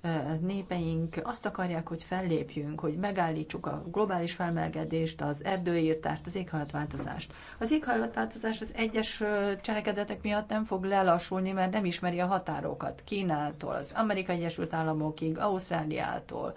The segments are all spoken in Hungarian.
embereink, népeink azt akarják, hogy fellépjünk, hogy megállítsuk a globális felmelegedést, az erdőírtást, az éghajlatváltozást. Az éghajlatváltozás az egyes cselekedetek miatt nem fog lelassulni, mert nem ismeri a határokat. Kínától, az Amerikai Egyesült Államokig, Ausztráliától,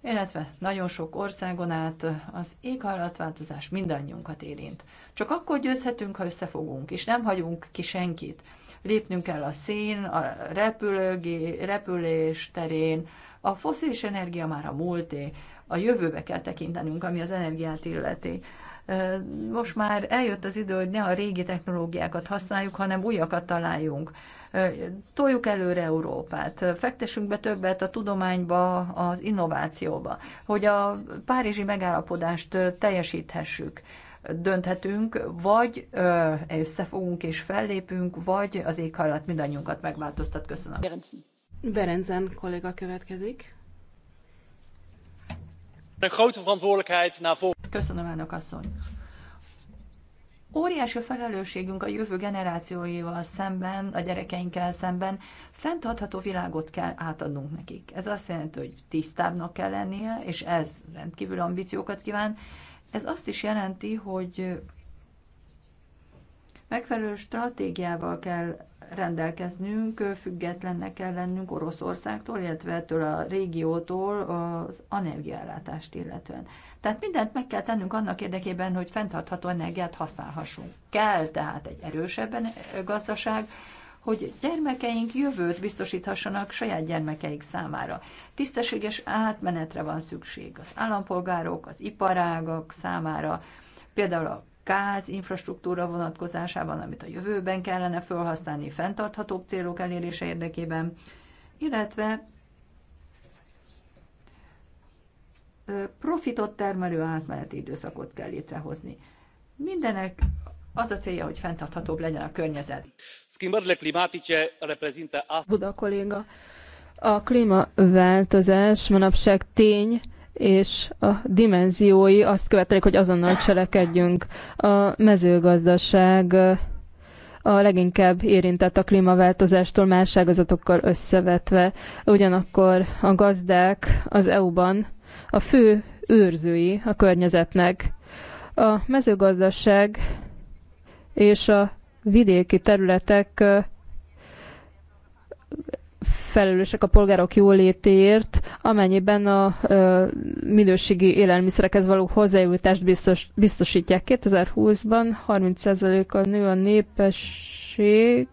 illetve nagyon sok országon át az éghajlatváltozás mindannyiunkat érint. Csak akkor győzhetünk, ha összefogunk, és nem hagyunk ki senkit lépnünk kell a szén, a repülőgé, repülés terén, a foszilis energia már a múlté, a jövőbe kell tekintenünk, ami az energiát illeti. Most már eljött az idő, hogy ne a régi technológiákat használjuk, hanem újakat találjunk. Toljuk előre Európát, fektessünk be többet a tudományba, az innovációba, hogy a párizsi megállapodást teljesíthessük dönthetünk, vagy összefogunk és fellépünk, vagy az éghajlat mindannyiunkat megváltoztat. Köszönöm. Berenzen kolléga következik. Köszönöm, elnök asszony. Óriási a felelősségünk a jövő generációival szemben, a gyerekeinkkel szemben. Fenntartható világot kell átadnunk nekik. Ez azt jelenti, hogy tisztábbnak kell lennie, és ez rendkívül ambíciókat kíván ez azt is jelenti, hogy megfelelő stratégiával kell rendelkeznünk, függetlennek kell lennünk Oroszországtól, illetve ettől a régiótól az energiállátást illetően. Tehát mindent meg kell tennünk annak érdekében, hogy fenntartható energiát használhassunk. Kell tehát egy erősebb gazdaság, hogy gyermekeink jövőt biztosíthassanak saját gyermekeik számára. Tisztességes átmenetre van szükség az állampolgárok, az iparágak számára, például a gáz infrastruktúra vonatkozásában, amit a jövőben kellene felhasználni fenntarthatóbb célok elérése érdekében, illetve profitot termelő átmeneti időszakot kell létrehozni. Mindenek az a célja, hogy fenntarthatóbb legyen a környezet. Buda kolléga, a klímaváltozás manapság tény, és a dimenziói azt követelik, hogy azonnal cselekedjünk. A mezőgazdaság a leginkább érintett a klímaváltozástól más ágazatokkal összevetve. Ugyanakkor a gazdák az EU-ban a fő őrzői a környezetnek. A mezőgazdaság és a vidéki területek felelősek a polgárok jólétéért, amennyiben a minőségi élelmiszerekhez való hozzájutást biztos, biztosítják. 2020-ban 30%-a nő a népesség,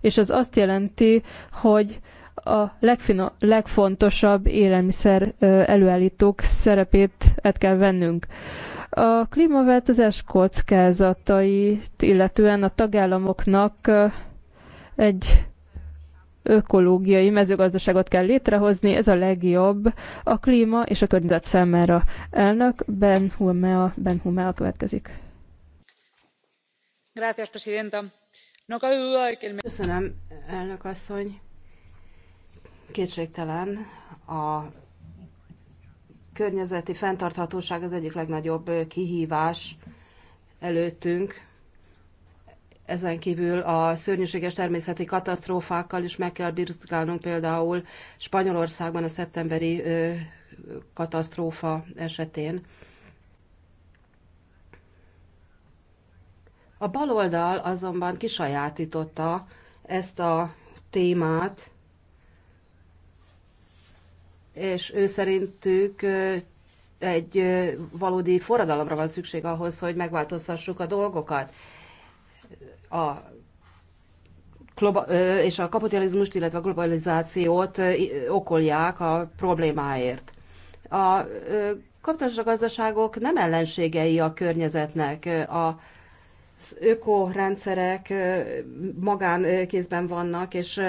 és az azt jelenti, hogy a legfino, legfontosabb élelmiszer előállítók szerepét el kell vennünk. A klímaváltozás kockázatait, illetően a tagállamoknak egy ökológiai mezőgazdaságot kell létrehozni, ez a legjobb a klíma és a környezet számára. Elnök Ben Humea, ben Humea következik. presidenta. Köszönöm, elnök asszony. Kétségtelen a környezeti fenntarthatóság az egyik legnagyobb kihívás előttünk. Ezen kívül a szörnyűséges természeti katasztrófákkal is meg kell birkálnunk, például Spanyolországban a szeptemberi katasztrófa esetén. A baloldal azonban kisajátította ezt a témát, és ő szerintük egy valódi forradalomra van szükség ahhoz, hogy megváltoztassuk a dolgokat. A és a kapitalizmust, illetve a globalizációt okolják a problémáért. A kapitalista gazdaságok nem ellenségei a környezetnek. A az ökorendszerek magánkézben vannak, és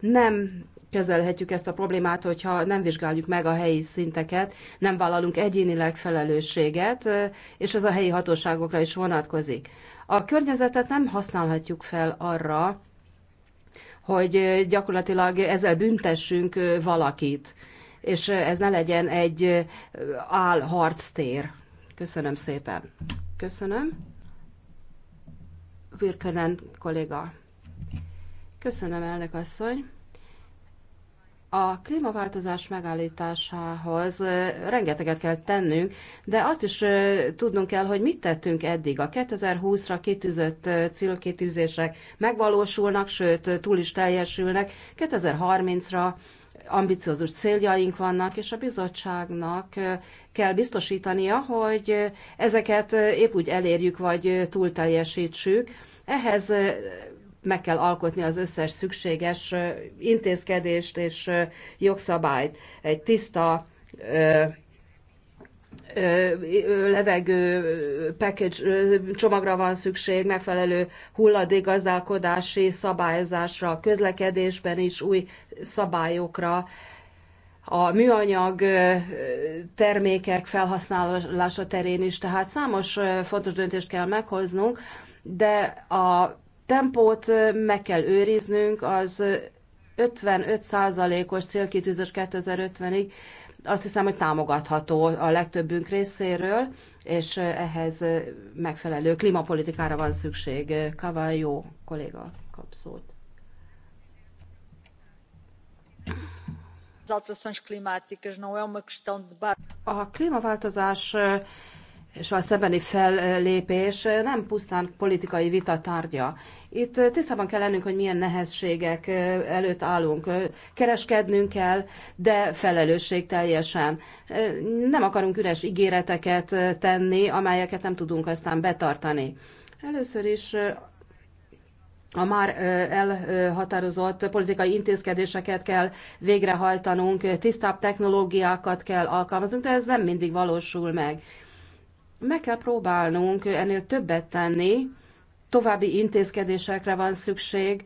nem kezelhetjük ezt a problémát, hogyha nem vizsgáljuk meg a helyi szinteket, nem vállalunk egyénileg felelősséget, és ez a helyi hatóságokra is vonatkozik. A környezetet nem használhatjuk fel arra, hogy gyakorlatilag ezzel büntessünk valakit, és ez ne legyen egy álharctér. Köszönöm szépen. Köszönöm. Virkönen kolléga. Köszönöm, elnök asszony. A klímaváltozás megállításához rengeteget kell tennünk, de azt is tudnunk kell, hogy mit tettünk eddig. A 2020-ra kitűzött célkitűzések megvalósulnak, sőt túl is teljesülnek. 2030-ra ambiciózus céljaink vannak, és a bizottságnak kell biztosítania, hogy ezeket épp úgy elérjük, vagy túl teljesítsük. Ehhez meg kell alkotni az összes szükséges intézkedést és jogszabályt. Egy tiszta levegő package csomagra van szükség, megfelelő hulladékgazdálkodási szabályozásra, közlekedésben is új szabályokra, a műanyag termékek felhasználása terén is, tehát számos fontos döntést kell meghoznunk, de a tempót meg kell őriznünk, az 55%-os célkitűzés 2050-ig azt hiszem, hogy támogatható a legtöbbünk részéről, és ehhez megfelelő klímapolitikára van szükség. jó kolléga kap szót. A klímaváltozás soha szembeni fellépés nem pusztán politikai vita tárgya. Itt tisztában kell lennünk, hogy milyen nehézségek előtt állunk. Kereskednünk kell, de felelősség teljesen. Nem akarunk üres ígéreteket tenni, amelyeket nem tudunk aztán betartani. Először is a már elhatározott politikai intézkedéseket kell végrehajtanunk, tisztább technológiákat kell alkalmaznunk, de ez nem mindig valósul meg. Meg kell próbálnunk ennél többet tenni, további intézkedésekre van szükség,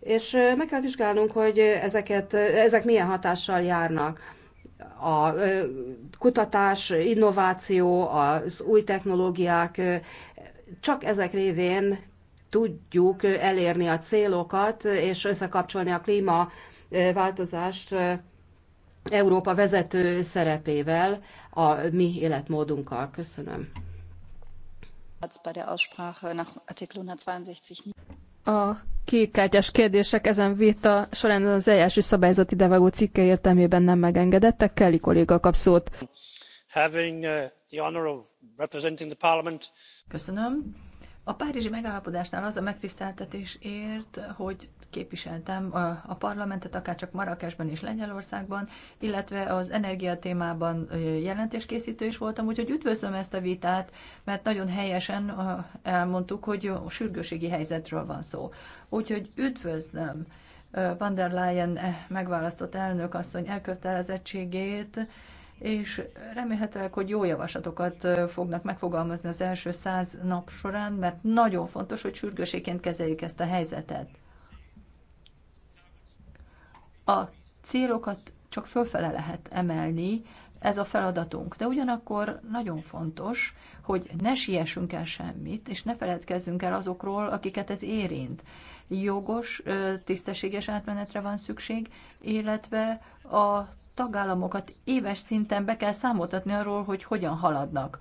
és meg kell vizsgálnunk, hogy ezeket, ezek milyen hatással járnak. A kutatás, innováció, az új technológiák, csak ezek révén tudjuk elérni a célokat, és összekapcsolni a klímaváltozást Európa vezető szerepével, a mi életmódunkkal. Köszönöm. A kékkártyás kérdések ezen véta során az eljárási szabályzati devagó cikke értelmében nem megengedettek. Kelly kolléga kap szót. Uh, Köszönöm. A Párizsi megállapodásnál az a megtiszteltetés ért, hogy képviseltem a parlamentet, akár csak Marrakesben és Lengyelországban, illetve az energiatémában jelentéskészítő is voltam, úgyhogy üdvözlöm ezt a vitát, mert nagyon helyesen elmondtuk, hogy sürgőségi helyzetről van szó. Úgyhogy üdvözlöm van der Leyen eh, megválasztott elnök asszony elkötelezettségét, és remélhetőleg, hogy jó javaslatokat fognak megfogalmazni az első száz nap során, mert nagyon fontos, hogy sürgőségként kezeljük ezt a helyzetet. A célokat csak fölfele lehet emelni, ez a feladatunk. De ugyanakkor nagyon fontos, hogy ne siessünk el semmit, és ne feledkezzünk el azokról, akiket ez érint. Jogos, tisztességes átmenetre van szükség, illetve a tagállamokat éves szinten be kell számoltatni arról, hogy hogyan haladnak.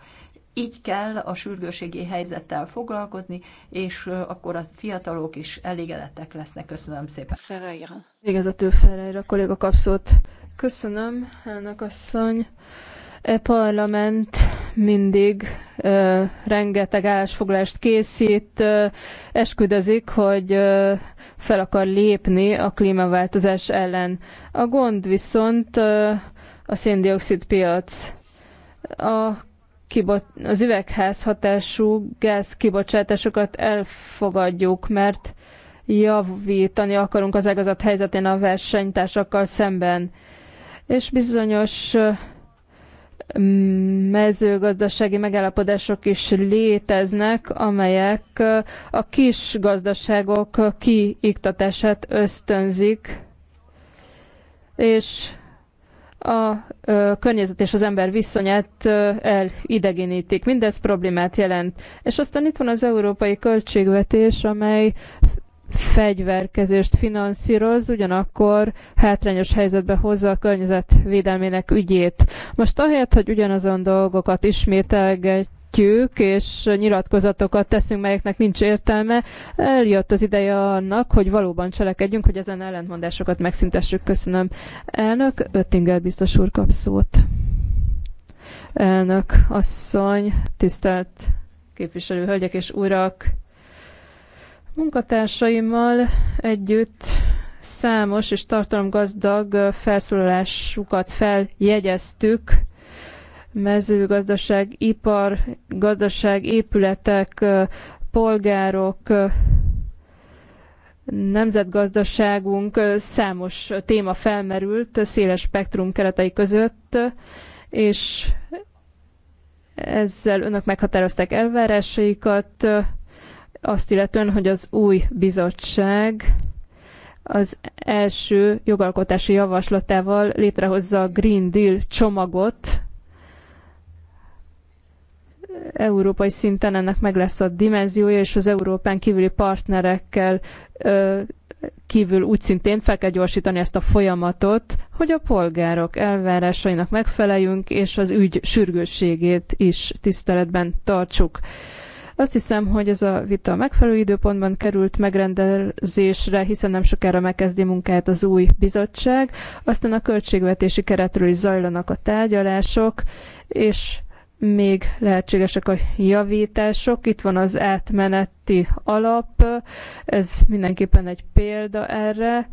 Így kell a sürgőségi helyzettel foglalkozni, és akkor a fiatalok is elégedettek lesznek. Köszönöm szépen. Ferreira. Végezetül Ferreira kolléga kapszót. Köszönöm, elnök asszony. E parlament mindig ö, rengeteg állásfoglalást készít, ö, esküdözik, hogy ö, fel akar lépni a klímaváltozás ellen. A gond viszont ö, a széndiokszid piac. A az üvegház hatású gáz kibocsátásokat elfogadjuk, mert javítani akarunk az ágazat helyzetén a versenytársakkal szemben. És bizonyos mm, mezőgazdasági megállapodások is léteznek, amelyek a kis gazdaságok kiiktatását ösztönzik, és a környezet és az ember viszonyát elidegenítik. Mindez problémát jelent. És aztán itt van az európai költségvetés, amely fegyverkezést finanszíroz, ugyanakkor hátrányos helyzetbe hozza a környezetvédelmének ügyét. Most ahelyett, hogy ugyanazon dolgokat ismételget, vetjük, és nyilatkozatokat teszünk, melyeknek nincs értelme. Eljött az ideje annak, hogy valóban cselekedjünk, hogy ezen ellentmondásokat megszüntessük. Köszönöm. Elnök, Öttinger biztos úr kap szót. Elnök asszony, tisztelt képviselő hölgyek és urak, munkatársaimmal együtt számos és tartalomgazdag felszólalásukat feljegyeztük, mezőgazdaság, ipar, gazdaság, épületek, polgárok, nemzetgazdaságunk számos téma felmerült széles spektrum keretei között, és ezzel önök meghatározták elvárásaikat, azt illetően, hogy az új bizottság az első jogalkotási javaslatával létrehozza a Green Deal csomagot, európai szinten ennek meg lesz a dimenziója, és az Európán kívüli partnerekkel kívül úgy szintén fel kell gyorsítani ezt a folyamatot, hogy a polgárok elvárásainak megfeleljünk, és az ügy sürgősségét is tiszteletben tartsuk. Azt hiszem, hogy ez a vita megfelelő időpontban került megrendezésre, hiszen nem sokára megkezdi munkáját az új bizottság. Aztán a költségvetési keretről is zajlanak a tárgyalások, és még lehetségesek a javítások. Itt van az átmeneti alap, ez mindenképpen egy példa erre,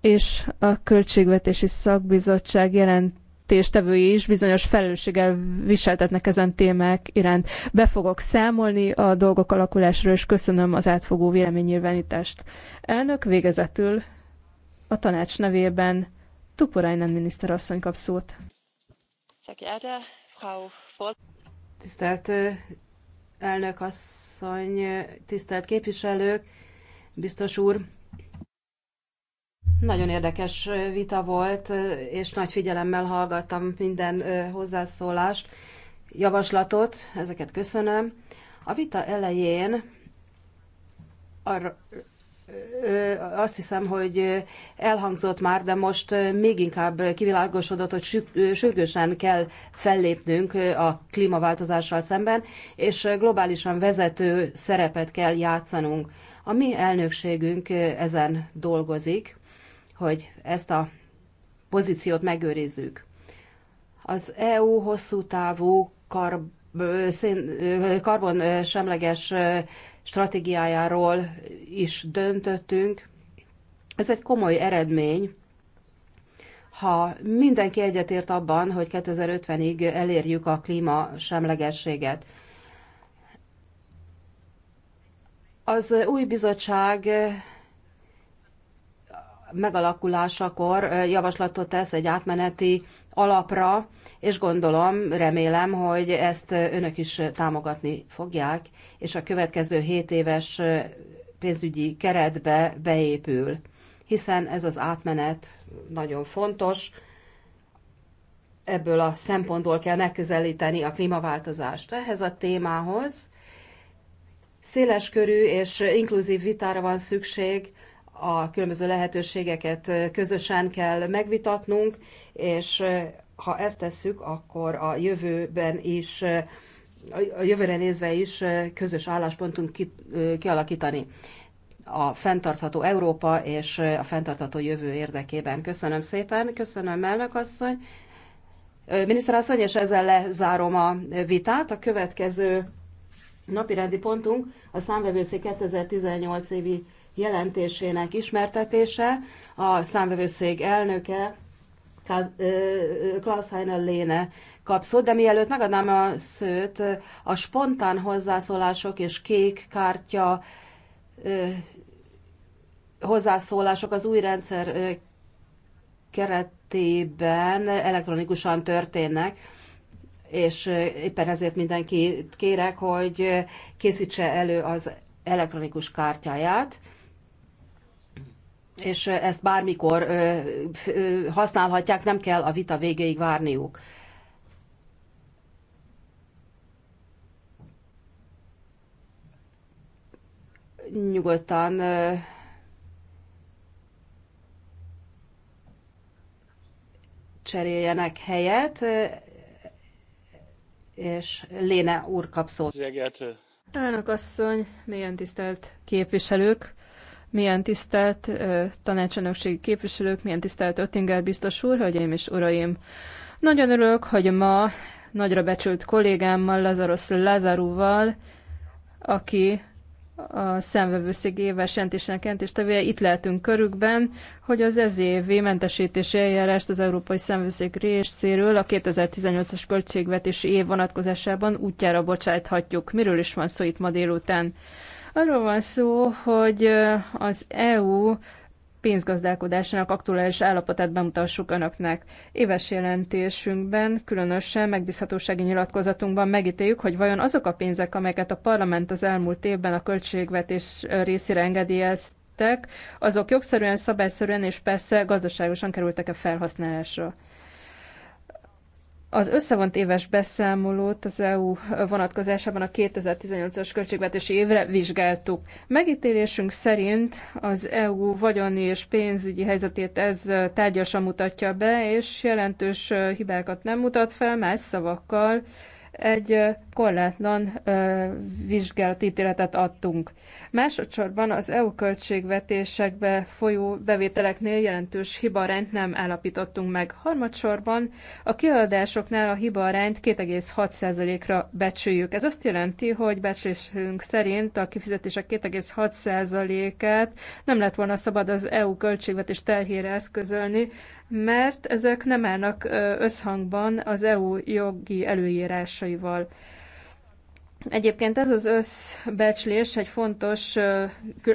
és a Költségvetési Szakbizottság jelentéstevői is bizonyos felelősséggel viseltetnek ezen témák iránt. Be fogok számolni a dolgok alakulásról, és köszönöm az átfogó véleménynyilvánítást. Elnök végezetül a tanács nevében Tuporainen miniszterasszony kap szót. Tisztelt elnök asszony, tisztelt képviselők, biztos úr! Nagyon érdekes vita volt, és nagy figyelemmel hallgattam minden hozzászólást, javaslatot, ezeket köszönöm. A vita elején arra azt hiszem, hogy elhangzott már, de most még inkább kivilágosodott, hogy sürgősen kell fellépnünk a klímaváltozással szemben, és globálisan vezető szerepet kell játszanunk. A mi elnökségünk ezen dolgozik, hogy ezt a pozíciót megőrizzük. Az EU hosszú távú kar, szén, karbon semleges stratégiájáról is döntöttünk. Ez egy komoly eredmény, ha mindenki egyetért abban, hogy 2050-ig elérjük a klíma semlegességet. Az új bizottság megalakulásakor javaslatot tesz egy átmeneti alapra, és gondolom, remélem, hogy ezt önök is támogatni fogják, és a következő 7 éves pénzügyi keretbe beépül, hiszen ez az átmenet nagyon fontos, ebből a szempontból kell megközelíteni a klímaváltozást. Ehhez a témához széles körű és inkluzív vitára van szükség, a különböző lehetőségeket közösen kell megvitatnunk, és ha ezt tesszük, akkor a jövőben is, a jövőre nézve is közös álláspontunk kialakítani a fenntartható Európa és a fenntartható jövő érdekében. Köszönöm szépen, köszönöm elnök asszony. Miniszter asszony, és ezzel lezárom a vitát. A következő napirendi pontunk a számvevőszék 2018 évi jelentésének ismertetése. A számvevőszék elnöke Klaus Heiner Léne kapszott, de mielőtt megadnám a szőt, a spontán hozzászólások és kék kártya hozzászólások az új rendszer keretében elektronikusan történnek, és éppen ezért mindenkit kérek, hogy készítse elő az elektronikus kártyáját és ezt bármikor használhatják, nem kell a vita végéig várniuk. Nyugodtan cseréljenek helyet, és Léne úr kap szót. Elnök asszony, mélyen tisztelt képviselők! milyen tisztelt tanácselnökségi képviselők, milyen tisztelt Öttinger biztos úr, hölgyeim és uraim. Nagyon örülök, hogy ma nagyra becsült kollégámmal, Lazarus Lazarúval, aki a szemvevőszék éves jelentésének jelentéstevője, itt lehetünk körükben, hogy az ez évi mentesítési eljárást az Európai Szemvevőszék részéről a 2018-as költségvetési év vonatkozásában útjára bocsájthatjuk. Miről is van szó itt ma délután? Arról van szó, hogy az EU pénzgazdálkodásának aktuális állapotát bemutassuk önöknek. Éves jelentésünkben, különösen megbízhatósági nyilatkozatunkban megítéljük, hogy vajon azok a pénzek, amelyeket a parlament az elmúlt évben a költségvetés részére engedélyeztek, azok jogszerűen, szabályszerűen és persze gazdaságosan kerültek-e felhasználásra. Az összevont éves beszámolót az EU vonatkozásában a 2018-as költségvetési évre vizsgáltuk. Megítélésünk szerint az EU vagyoni és pénzügyi helyzetét ez tárgyasan mutatja be, és jelentős hibákat nem mutat fel, más szavakkal egy korlátlan vizsgált ítéletet adtunk. Másodszorban az EU költségvetésekbe folyó bevételeknél jelentős hibarányt nem állapítottunk meg. Harmadsorban a kiadásoknál a hibarányt 2,6%-ra becsüljük. Ez azt jelenti, hogy becsülésünk szerint a kifizetések 2,6%-át nem lett volna szabad az EU költségvetés terhére eszközölni, mert ezek nem állnak összhangban az EU jogi előírásaival. Egyébként ez az összbecslés egy fontos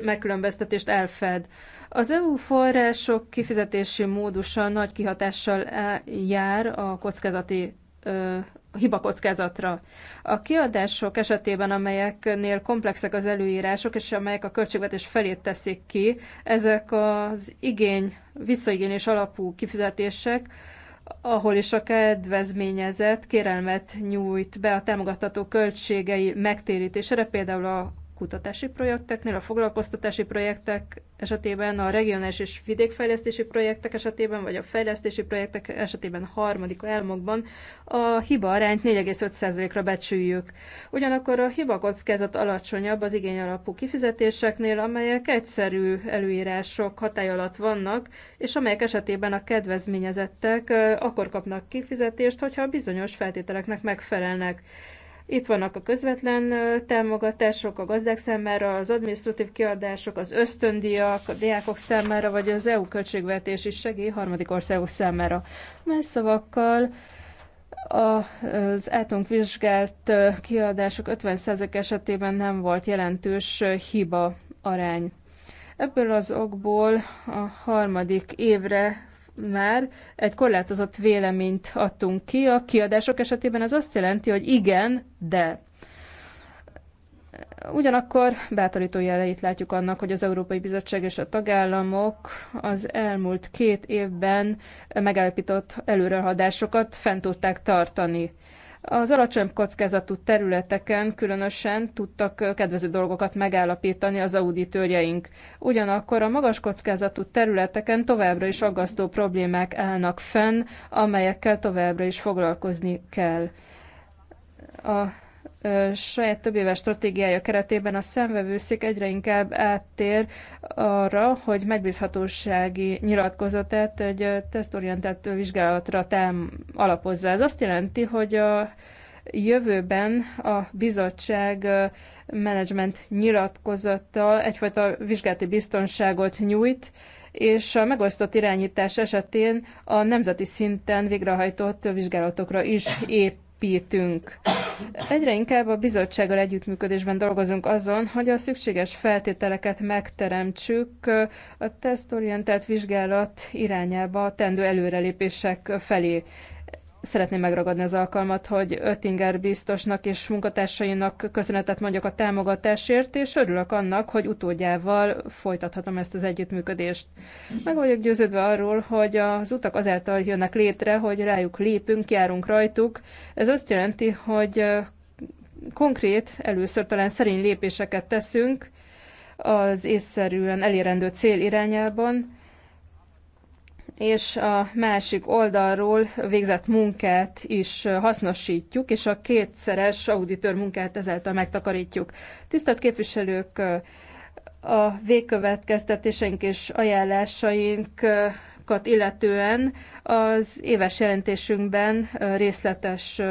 megkülönböztetést elfed. Az EU források kifizetési módusa nagy kihatással e, jár a kockázati hibakockázatra. A kiadások esetében, amelyeknél komplexek az előírások, és amelyek a költségvetés felét teszik ki, ezek az igény, visszaigényés alapú kifizetések, ahol is a kedvezményezett kérelmet nyújt be a támogatható költségei megtérítésére, például a kutatási projekteknél, a foglalkoztatási projektek esetében, a regionális és vidékfejlesztési projektek esetében, vagy a fejlesztési projektek esetében harmadik elmokban a hiba arányt 4,5%-ra becsüljük. Ugyanakkor a hiba kockázat alacsonyabb az igény alapú kifizetéseknél, amelyek egyszerű előírások hatály alatt vannak, és amelyek esetében a kedvezményezettek akkor kapnak kifizetést, hogyha bizonyos feltételeknek megfelelnek. Itt vannak a közvetlen támogatások a gazdák számára, az administratív kiadások, az ösztöndíjak, a diákok számára, vagy az EU költségvetés is segély harmadik országok számára. Más szavakkal az általunk vizsgált kiadások 50% esetében nem volt jelentős hiba arány. Ebből az okból a harmadik évre már egy korlátozott véleményt adtunk ki. A kiadások esetében ez azt jelenti, hogy igen, de. Ugyanakkor bátorító jeleit látjuk annak, hogy az Európai Bizottság és a tagállamok az elmúlt két évben megállapított előrehaladásokat fent tudták tartani. Az alacsony kockázatú területeken különösen tudtak kedvező dolgokat megállapítani az auditőrjeink. Ugyanakkor a magas kockázatú területeken továbbra is aggasztó problémák állnak fenn, amelyekkel továbbra is foglalkozni kell. A saját több éves stratégiája keretében a szemvevőszék egyre inkább áttér arra, hogy megbízhatósági nyilatkozatát egy tesztorientált vizsgálatra tám alapozza. Ez azt jelenti, hogy a jövőben a bizottság menedzsment nyilatkozattal egyfajta vizsgálati biztonságot nyújt, és a megosztott irányítás esetén a nemzeti szinten végrehajtott vizsgálatokra is épp építünk. Egyre inkább a bizottsággal együttműködésben dolgozunk azon, hogy a szükséges feltételeket megteremtsük a tesztorientált vizsgálat irányába a tendő előrelépések felé. Szeretném megragadni az alkalmat, hogy Öttinger biztosnak és munkatársainak köszönetet mondjak a támogatásért, és örülök annak, hogy utódjával folytathatom ezt az együttműködést. Meg vagyok győződve arról, hogy az utak azáltal jönnek létre, hogy rájuk lépünk, járunk rajtuk. Ez azt jelenti, hogy konkrét, először talán szerény lépéseket teszünk az észszerűen elérendő cél irányában, és a másik oldalról végzett munkát is hasznosítjuk, és a kétszeres auditor munkát ezáltal megtakarítjuk. Tisztelt képviselők, a végkövetkeztetéseink és ajánlásaink betegeket illetően az éves jelentésünkben részletes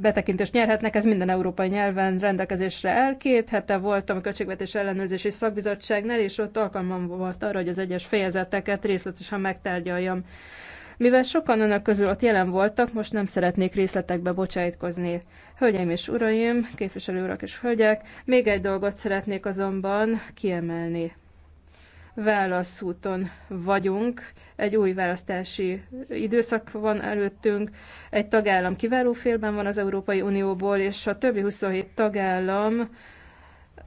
betekintést nyerhetnek, ez minden európai nyelven rendelkezésre el. Két hete voltam a Költségvetés Ellenőrzési Szakbizottságnál, és ott alkalmam volt arra, hogy az egyes fejezeteket részletesen megtárgyaljam. Mivel sokan önök közül ott jelen voltak, most nem szeretnék részletekbe bocsájtkozni. Hölgyeim és uraim, képviselő urak és hölgyek, még egy dolgot szeretnék azonban kiemelni válaszúton vagyunk, egy új választási időszak van előttünk, egy tagállam kiváló félben van az Európai Unióból, és a többi 27 tagállam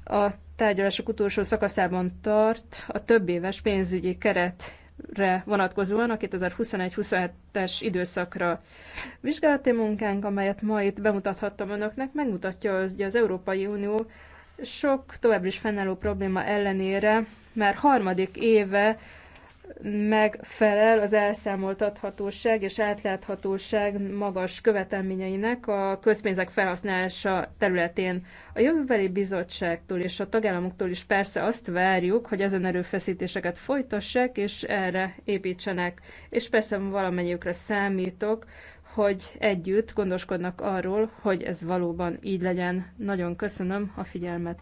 a tárgyalások utolsó szakaszában tart a több éves pénzügyi keret re vonatkozóan a 2021-27-es időszakra. Vizsgálati munkánk, amelyet ma itt bemutathattam önöknek, megmutatja, hogy az Európai Unió sok továbbra is fennálló probléma ellenére már harmadik éve megfelel az elszámoltathatóság és átláthatóság magas követelményeinek a közpénzek felhasználása területén. A jövőbeli bizottságtól és a tagállamoktól is persze azt várjuk, hogy ezen erőfeszítéseket folytassák és erre építsenek. És persze valamennyiükre számítok, hogy együtt gondoskodnak arról, hogy ez valóban így legyen. Nagyon köszönöm a figyelmet.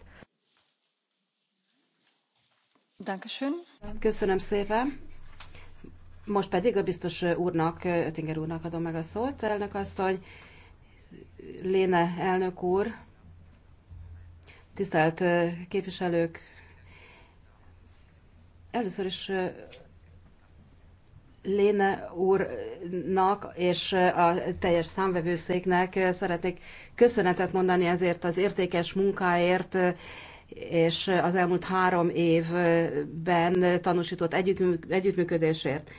Köszönöm szépen. Most pedig a biztos úrnak, Ötinger úrnak adom meg a szót. Elnök asszony, Léne elnök úr, tisztelt képviselők, először is Léne úrnak és a teljes számvevőszéknek szeretnék köszönetet mondani ezért az értékes munkáért, és az elmúlt három évben tanúsított együttműködésért.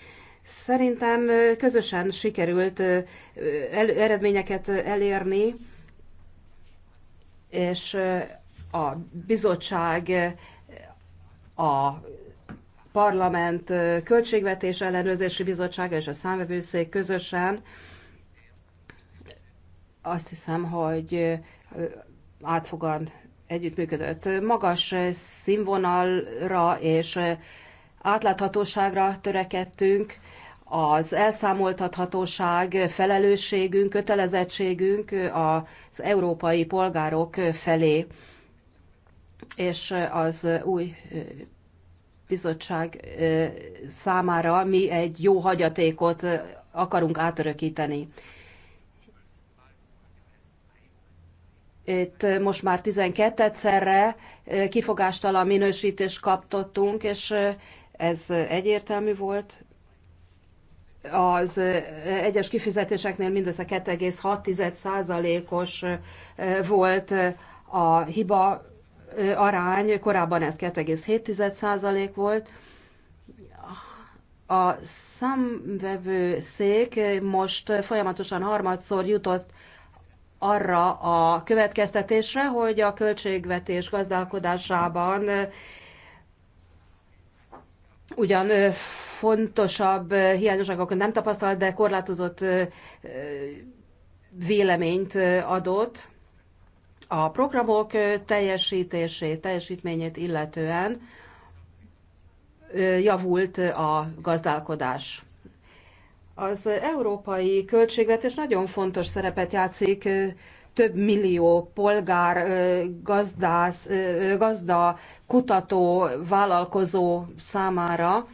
Szerintem közösen sikerült eredményeket elérni, és a bizottság, a parlament költségvetés ellenőrzési bizottsága és a számvevőszék közösen azt hiszem, hogy átfogan együttműködött. Magas színvonalra és átláthatóságra törekedtünk, az elszámoltathatóság, felelősségünk, kötelezettségünk az európai polgárok felé, és az új bizottság számára mi egy jó hagyatékot akarunk átörökíteni. itt most már 12-szerre kifogástalan minősítést kaptottunk, és ez egyértelmű volt. Az egyes kifizetéseknél mindössze 2,6%-os volt a hiba arány, korábban ez 2,7% volt. A számvevő szék most folyamatosan harmadszor jutott arra a következtetésre, hogy a költségvetés gazdálkodásában ugyan fontosabb hiányosságokat nem tapasztalt, de korlátozott véleményt adott a programok teljesítését, teljesítményét illetően javult a gazdálkodás. Az európai költségvetés nagyon fontos szerepet játszik több millió polgár, gazdász, gazda, kutató, vállalkozó számára,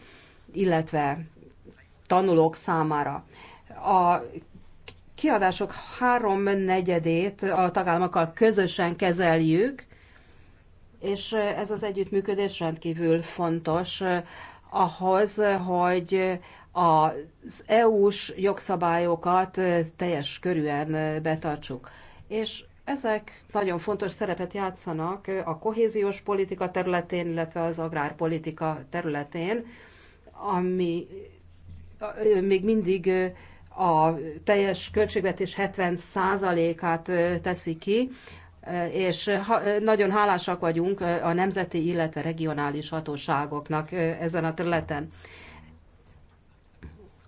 illetve tanulók számára. A kiadások három negyedét a tagállamokkal közösen kezeljük, és ez az együttműködés rendkívül fontos ahhoz, hogy az EU-s jogszabályokat teljes körűen betartsuk. És ezek nagyon fontos szerepet játszanak a kohéziós politika területén, illetve az agrárpolitika területén, ami még mindig a teljes költségvetés 70%-át teszi ki, és nagyon hálásak vagyunk a nemzeti, illetve regionális hatóságoknak ezen a területen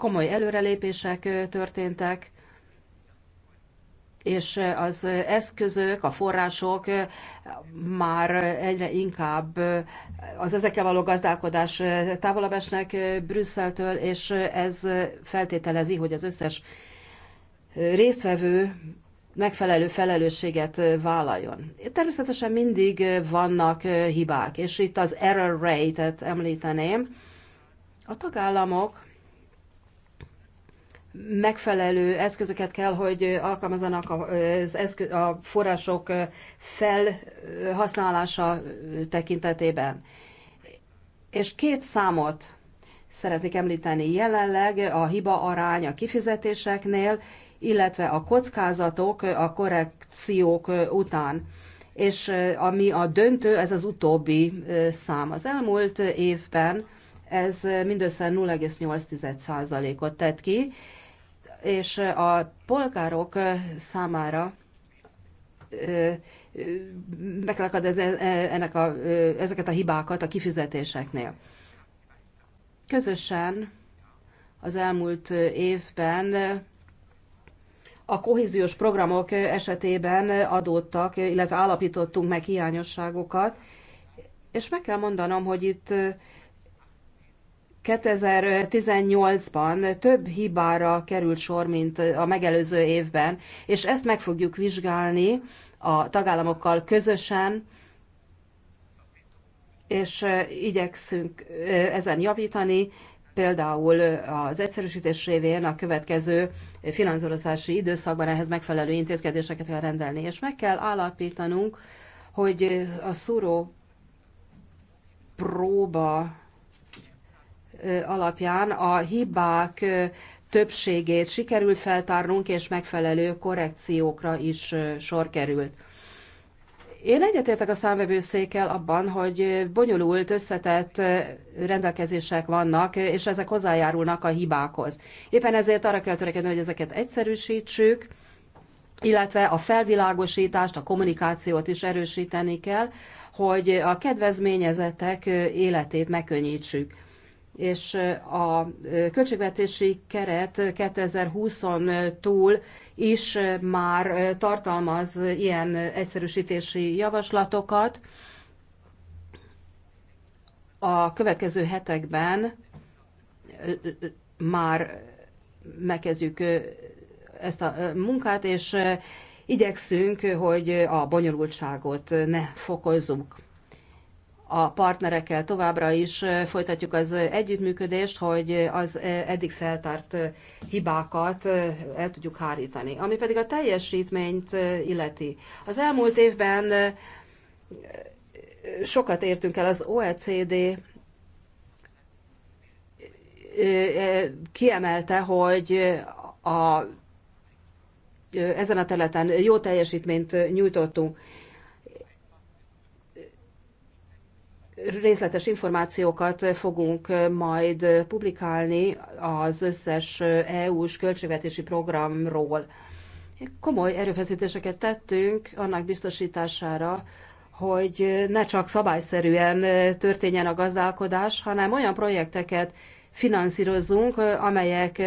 komoly előrelépések történtek, és az eszközök, a források már egyre inkább az ezekkel való gazdálkodás távolabb esnek Brüsszeltől, és ez feltételezi, hogy az összes résztvevő megfelelő felelősséget vállaljon. Természetesen mindig vannak hibák, és itt az error rate-et említeném. A tagállamok megfelelő eszközöket kell, hogy alkalmazanak az eszkö, a források felhasználása tekintetében. És két számot szeretnék említeni jelenleg a hiba arány a kifizetéseknél, illetve a kockázatok a korrekciók után. És eh, ami a döntő, ez az utóbbi eh, szám. Az elmúlt évben ez eh, mindössze 0,8%-ot tett ki, és a polgárok számára meg kell akadni e, ennek a, ezeket a hibákat a kifizetéseknél. Közösen az elmúlt évben a kohéziós programok esetében adódtak, illetve állapítottunk meg hiányosságokat, és meg kell mondanom, hogy itt 2018-ban több hibára került sor, mint a megelőző évben, és ezt meg fogjuk vizsgálni a tagállamokkal közösen, és igyekszünk ezen javítani, például az egyszerűsítés révén a következő finanszírozási időszakban ehhez megfelelő intézkedéseket kell rendelni, és meg kell állapítanunk, hogy a szúró próba alapján a hibák többségét sikerült feltárnunk, és megfelelő korrekciókra is sor került. Én egyetértek a számvevőszékkel abban, hogy bonyolult, összetett rendelkezések vannak, és ezek hozzájárulnak a hibákhoz. Éppen ezért arra kell törekedni, hogy ezeket egyszerűsítsük, illetve a felvilágosítást, a kommunikációt is erősíteni kell, hogy a kedvezményezettek életét megkönnyítsük és a költségvetési keret 2020-on túl is már tartalmaz ilyen egyszerűsítési javaslatokat. A következő hetekben már megkezdjük ezt a munkát, és igyekszünk, hogy a bonyolultságot ne fokozzuk a partnerekkel továbbra is folytatjuk az együttműködést, hogy az eddig feltárt hibákat el tudjuk hárítani. Ami pedig a teljesítményt illeti. Az elmúlt évben sokat értünk el az OECD kiemelte, hogy a, ezen a területen jó teljesítményt nyújtottunk. részletes információkat fogunk majd publikálni az összes EU-s költségvetési programról. Komoly erőfeszítéseket tettünk annak biztosítására, hogy ne csak szabályszerűen történjen a gazdálkodás, hanem olyan projekteket finanszírozzunk, amelyek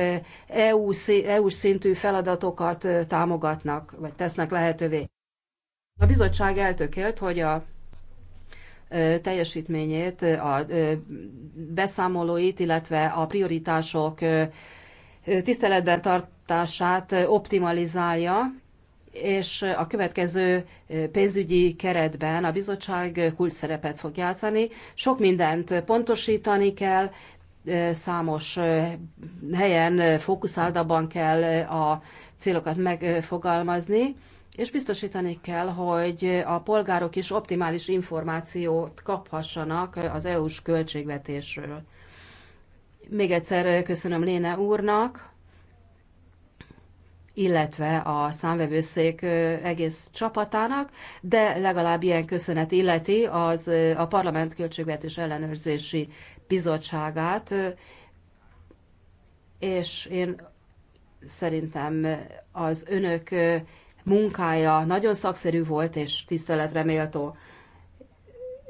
EU, eu szintű feladatokat támogatnak, vagy tesznek lehetővé. A bizottság eltökélt, hogy a teljesítményét, a beszámolóit, illetve a prioritások tiszteletben tartását optimalizálja, és a következő pénzügyi keretben a bizottság kult szerepet fog játszani. Sok mindent pontosítani kell, számos helyen fókuszáltabban kell a célokat megfogalmazni, és biztosítani kell, hogy a polgárok is optimális információt kaphassanak az EU-s költségvetésről. Még egyszer köszönöm Léne úrnak, illetve a számvevőszék egész csapatának, de legalább ilyen köszönet illeti az a Parlament Költségvetés Ellenőrzési Bizottságát, és én szerintem az önök munkája nagyon szakszerű volt és tiszteletre méltó.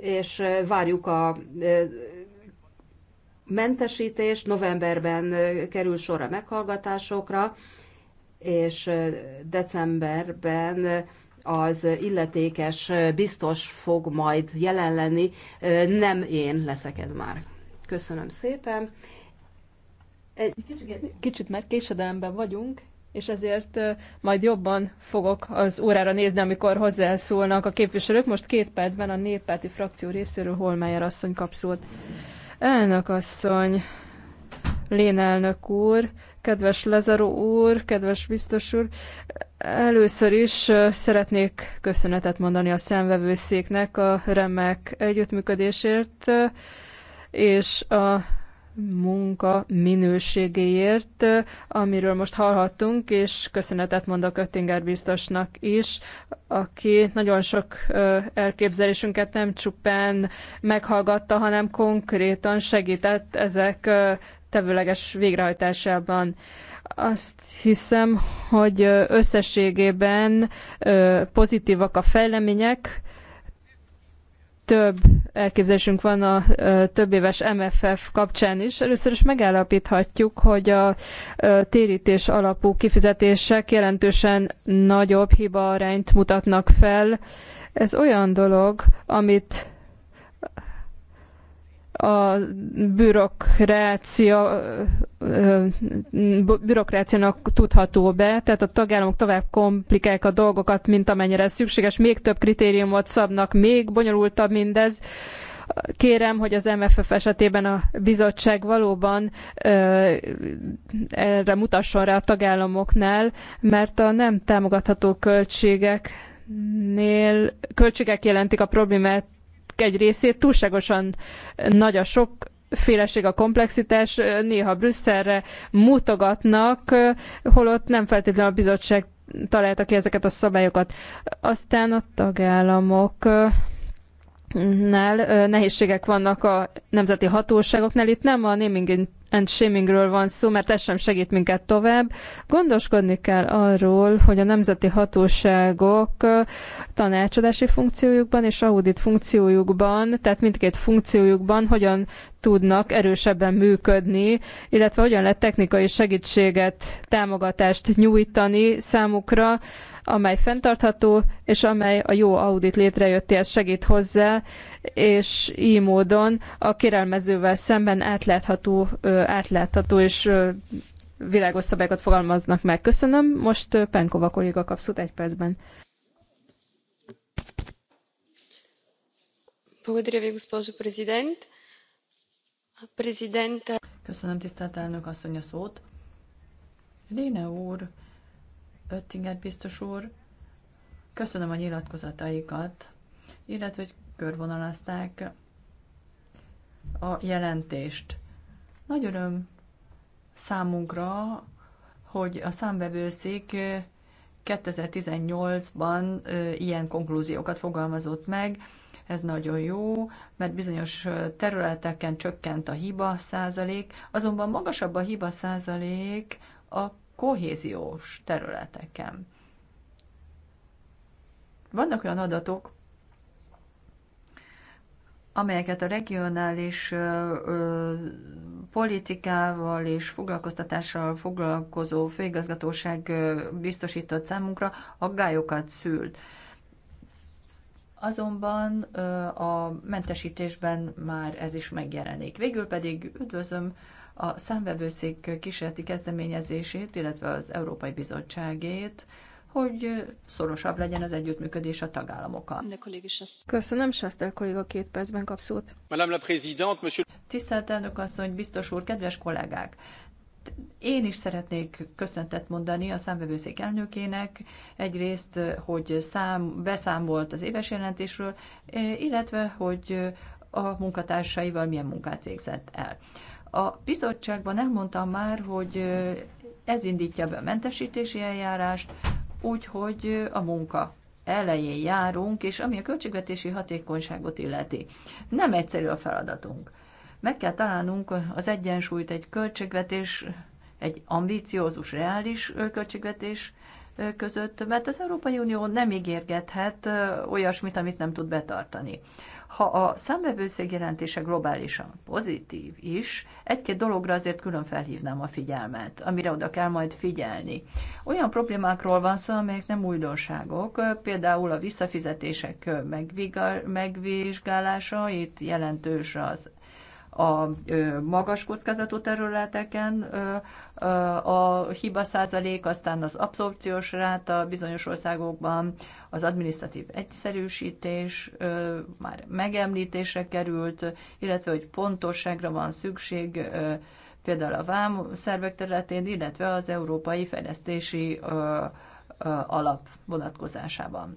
És várjuk a mentesítés, novemberben kerül sor a meghallgatásokra, és decemberben az illetékes biztos fog majd jelen lenni, nem én leszek ez már. Köszönöm szépen. Egy... Kicsit, kicsit már késedelemben vagyunk, és ezért majd jobban fogok az órára nézni, amikor hozzászólnak a képviselők. Most két percben a néppárti frakció részéről Holmeyer asszony kap szót. Elnök asszony, Lénelnök úr, kedves Lezaró úr, kedves biztos úr, először is szeretnék köszönetet mondani a szemvevőszéknek a remek együttműködésért, és a munka minőségéért, amiről most hallhattunk, és köszönetet mondok Öttinger biztosnak is, aki nagyon sok elképzelésünket nem csupán meghallgatta, hanem konkrétan segített ezek tevőleges végrehajtásában. Azt hiszem, hogy összességében pozitívak a fejlemények, több elképzelésünk van a több éves MFF kapcsán is. Először is megállapíthatjuk, hogy a térítés alapú kifizetések jelentősen nagyobb hiba mutatnak fel. Ez olyan dolog, amit a bürokrácia, bürokráciának tudható be, tehát a tagállamok tovább komplikálják a dolgokat, mint amennyire szükséges, még több kritériumot szabnak, még bonyolultabb mindez. Kérem, hogy az MFF esetében a bizottság valóban erre mutasson rá a tagállamoknál, mert a nem támogatható költségek Nél költségek jelentik a problémát egy részét, túlságosan nagy a sok féleség, a komplexitás, néha Brüsszelre mutogatnak, holott nem feltétlenül a bizottság találta ki ezeket a szabályokat. Aztán a tagállamok nehézségek vannak a nemzeti hatóságoknál. Itt nem a naming and shamingről van szó, mert ez sem segít minket tovább. Gondoskodni kell arról, hogy a nemzeti hatóságok tanácsadási funkciójukban és audit funkciójukban, tehát mindkét funkciójukban hogyan tudnak erősebben működni, illetve hogyan lehet technikai segítséget, támogatást nyújtani számukra, amely fenntartható, és amely a jó audit létrejöttéhez segít hozzá, és így módon a kérelmezővel szemben átlátható, átlátható és világos szabályokat fogalmaznak meg. Köszönöm, most Penkova kolléga kapszult egy percben. Köszönöm, tisztelt elnök asszony, a szót. Léne úr, Öttinger biztos úr, köszönöm a nyilatkozataikat, illetve hogy körvonalazták a jelentést. Nagy öröm számunkra, hogy a számvevőszék 2018-ban ilyen konklúziókat fogalmazott meg, ez nagyon jó, mert bizonyos területeken csökkent a hiba százalék, azonban magasabb a hiba százalék a kohéziós területeken. Vannak olyan adatok, amelyeket a regionális ö, ö, politikával és foglalkoztatással foglalkozó főigazgatóság ö, biztosított számunkra, aggályokat szült. Azonban ö, a mentesítésben már ez is megjelenik. Végül pedig üdvözlöm a számvevőszék kísérleti kezdeményezését, illetve az Európai Bizottságét, hogy szorosabb legyen az együttműködés a tagállamokkal. Köszönöm, Sester kolléga két percben kap szót. Monsieur... Tisztelt elnök asszony, biztos úr, kedves kollégák! Én is szeretnék köszöntet mondani a számvevőszék elnökének, egyrészt, hogy szám, beszámolt az éves jelentésről, illetve, hogy a munkatársaival milyen munkát végzett el. A bizottságban elmondtam már, hogy ez indítja be a mentesítési eljárást, úgyhogy a munka elején járunk, és ami a költségvetési hatékonyságot illeti. Nem egyszerű a feladatunk. Meg kell találnunk az egyensúlyt egy költségvetés, egy ambíciózus, reális költségvetés között, mert az Európai Unió nem ígérgethet olyasmit, amit nem tud betartani. Ha a számvevőszék jelentése globálisan pozitív is, egy-két dologra azért külön felhívnám a figyelmet, amire oda kell majd figyelni. Olyan problémákról van szó, amelyek nem újdonságok, például a visszafizetések megvizsgálása, itt jelentős az a magas kockázatú területeken a hiba százalék, aztán az abszorpciós ráta bizonyos országokban, az administratív egyszerűsítés már megemlítésre került, illetve hogy pontosságra van szükség például a vám szervek területén, illetve az Európai Fejlesztési Alap vonatkozásában.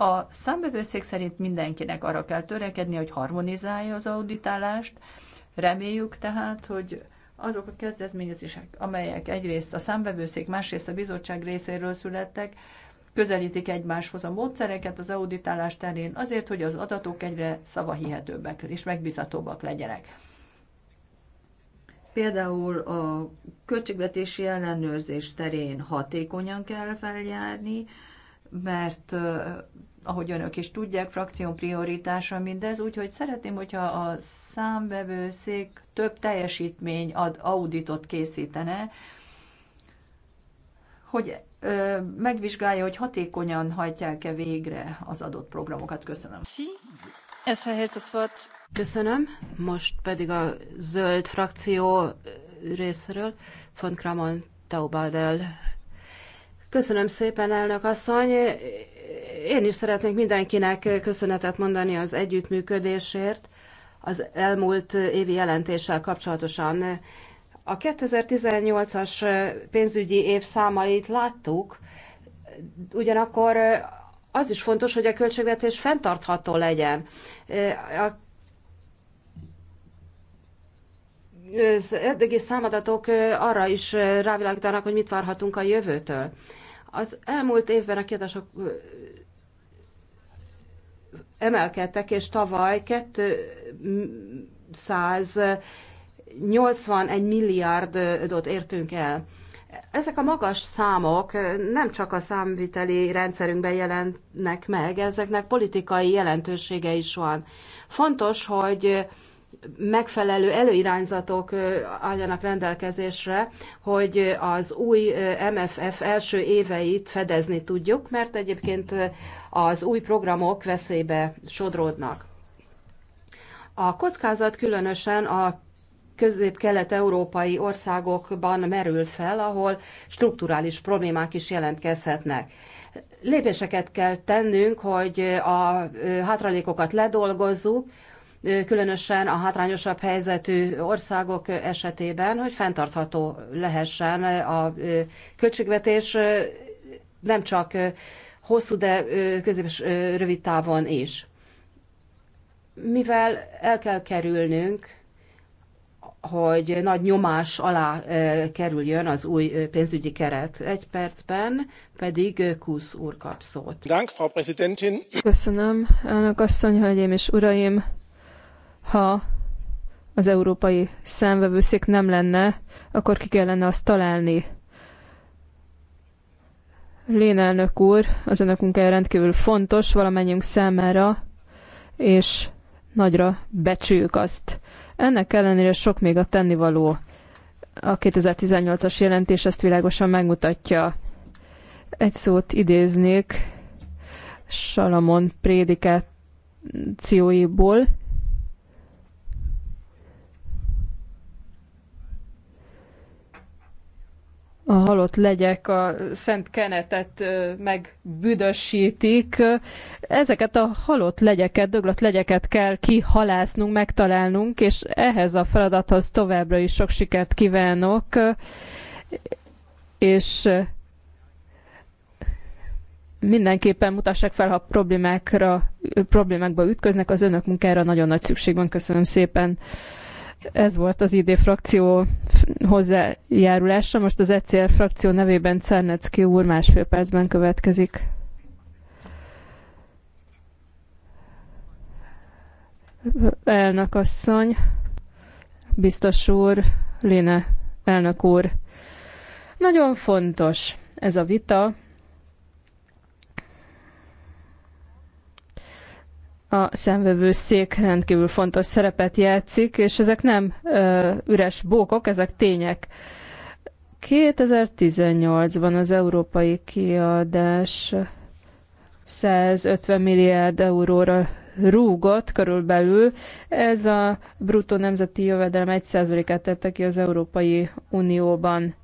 A számbevőszék szerint mindenkinek arra kell törekedni, hogy harmonizálja az auditálást. Reméljük tehát, hogy azok a kezdeményezések, amelyek egyrészt a számbevőszék, másrészt a bizottság részéről születtek, közelítik egymáshoz a módszereket az auditálás terén azért, hogy az adatok egyre szavahihetőbbek és megbízhatóbbak legyenek. Például a költségvetési ellenőrzés terén hatékonyan kell feljárni, mert ahogy önök is tudják, frakción prioritása mindez, úgyhogy szeretném, hogyha a számvevőszék több teljesítmény ad, auditot készítene, hogy ö, megvizsgálja, hogy hatékonyan hajtják-e végre az adott programokat. Köszönöm. Köszönöm. Most pedig a zöld frakció részéről von Kramon Taubadel Köszönöm szépen, elnök asszony. Én is szeretnék mindenkinek köszönetet mondani az együttműködésért az elmúlt évi jelentéssel kapcsolatosan. A 2018-as pénzügyi év számait láttuk, ugyanakkor az is fontos, hogy a költségvetés fenntartható legyen. A az eddigi számadatok arra is rávilágítanak, hogy mit várhatunk a jövőtől. Az elmúlt évben a kiadások emelkedtek, és tavaly 281 milliárdot értünk el. Ezek a magas számok nem csak a számviteli rendszerünkben jelennek meg, ezeknek politikai jelentősége is van. Fontos, hogy megfelelő előirányzatok álljanak rendelkezésre, hogy az új MFF első éveit fedezni tudjuk, mert egyébként az új programok veszélybe sodródnak. A kockázat különösen a közép-kelet-európai országokban merül fel, ahol strukturális problémák is jelentkezhetnek. Lépéseket kell tennünk, hogy a hátralékokat ledolgozzuk, különösen a hátrányosabb helyzetű országok esetében, hogy fenntartható lehessen a költségvetés nem csak hosszú, de közép és rövid távon is. Mivel el kell kerülnünk, hogy nagy nyomás alá kerüljön az új pénzügyi keret. Egy percben pedig Kusz úr kap szót. Köszönöm, elnök asszony, hölgyeim és uraim! Ha az európai számvevőszék nem lenne, akkor ki kellene azt találni. Lén elnök úr, az önök munkája rendkívül fontos valamennyiünk számára, és nagyra becsüljük azt. Ennek ellenére sok még a tennivaló. A 2018-as jelentés ezt világosan megmutatja. Egy szót idéznék Salamon prédikációiból, a halott legyek, a Szent Kenetet megbüdösítik. Ezeket a halott legyeket, döglött legyeket kell kihalásznunk, megtalálnunk, és ehhez a feladathoz továbbra is sok sikert kívánok. És mindenképpen mutassák fel, ha problémákra, problémákba ütköznek, az önök munkára nagyon nagy szükség van. Köszönöm szépen. Hát ez volt az ID frakció hozzájárulása. Most az ECR frakció nevében Czernecki úr másfél percben következik. Elnök asszony, biztos úr, Léne elnök úr. Nagyon fontos ez a vita, a szemvevőszék rendkívül fontos szerepet játszik, és ezek nem ö, üres bókok, ezek tények. 2018-ban az európai kiadás 150 milliárd euróra rúgott körülbelül. Ez a bruttó nemzeti jövedelem 1%-át tette ki az Európai Unióban.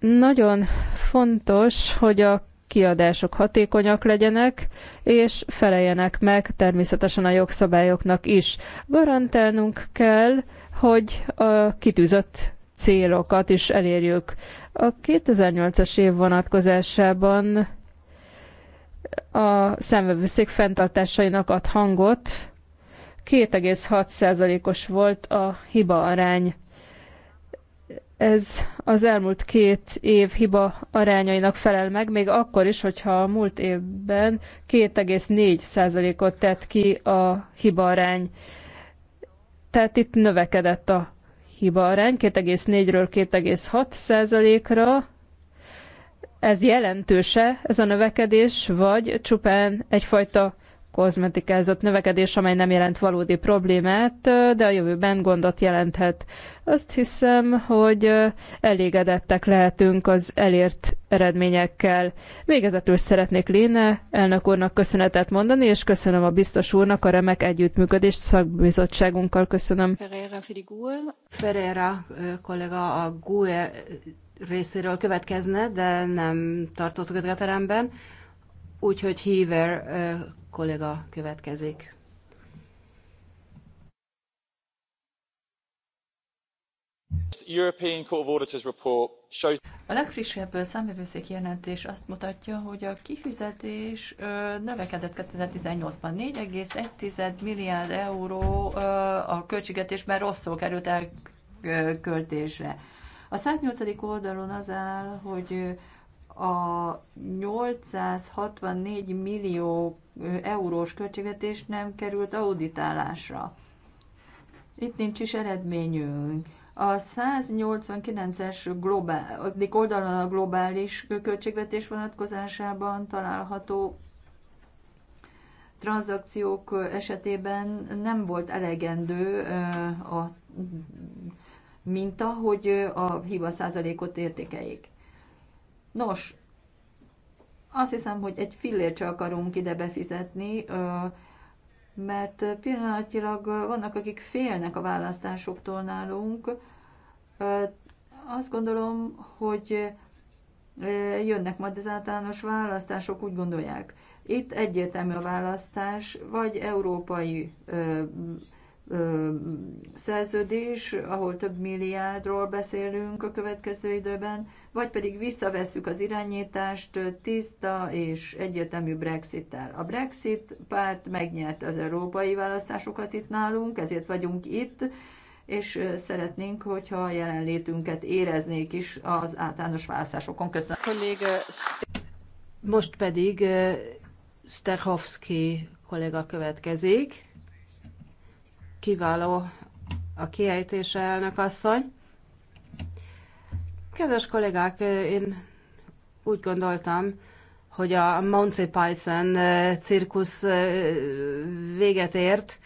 Nagyon fontos, hogy a kiadások hatékonyak legyenek, és feleljenek meg természetesen a jogszabályoknak is. Garantálnunk kell, hogy a kitűzött célokat is elérjük. A 2008-as év vonatkozásában a szemvevőszék fenntartásainak ad hangot, 2,6%-os volt a hiba arány. Ez az elmúlt két év hiba arányainak felel meg, még akkor is, hogyha a múlt évben 2,4%-ot tett ki a hiba arány. Tehát itt növekedett a hiba arány 2,4-ről 2,6%-ra, ez jelentőse, ez a növekedés, vagy csupán egyfajta kozmetikázott növekedés, amely nem jelent valódi problémát, de a jövőben gondot jelenthet. Azt hiszem, hogy elégedettek lehetünk az elért eredményekkel. Végezetül szeretnék Léne elnök úrnak köszönetet mondani, és köszönöm a biztos úrnak a remek együttműködést szakbizottságunkkal. Köszönöm. Ferreira, Ferreira kollega a GUE részéről következne, de nem tartózkodik a teremben. Úgyhogy Heaver kollega következik. A legfrissebb számvevőszék jelentés azt mutatja, hogy a kifizetés növekedett 2018-ban 4,1 milliárd euró a költségetésben rosszul került elköltésre. A 108. oldalon az áll, hogy a 864 millió eurós költségvetés nem került auditálásra. Itt nincs is eredményünk. A 189-es globális oldalon a globális költségvetés vonatkozásában található tranzakciók esetében nem volt elegendő a minta, hogy a hiba százalékot értékeljék. Nos, azt hiszem, hogy egy fillért se akarunk ide befizetni, mert pillanatilag vannak, akik félnek a választásoktól nálunk. Azt gondolom, hogy jönnek majd az általános választások, úgy gondolják. Itt egyértelmű a választás, vagy európai szerződés, ahol több milliárdról beszélünk a következő időben, vagy pedig visszavesszük az irányítást tiszta és egyértelmű Brexit-tel. A Brexit párt megnyerte az európai választásokat itt nálunk, ezért vagyunk itt, és szeretnénk, hogyha a jelenlétünket éreznék is az általános választásokon. Köszönöm. Most pedig Sterhovski kolléga következik kiváló a kiejtése, elnök asszony. Kedves kollégák, én úgy gondoltam, hogy a Monty Python eh, cirkusz eh, véget ért,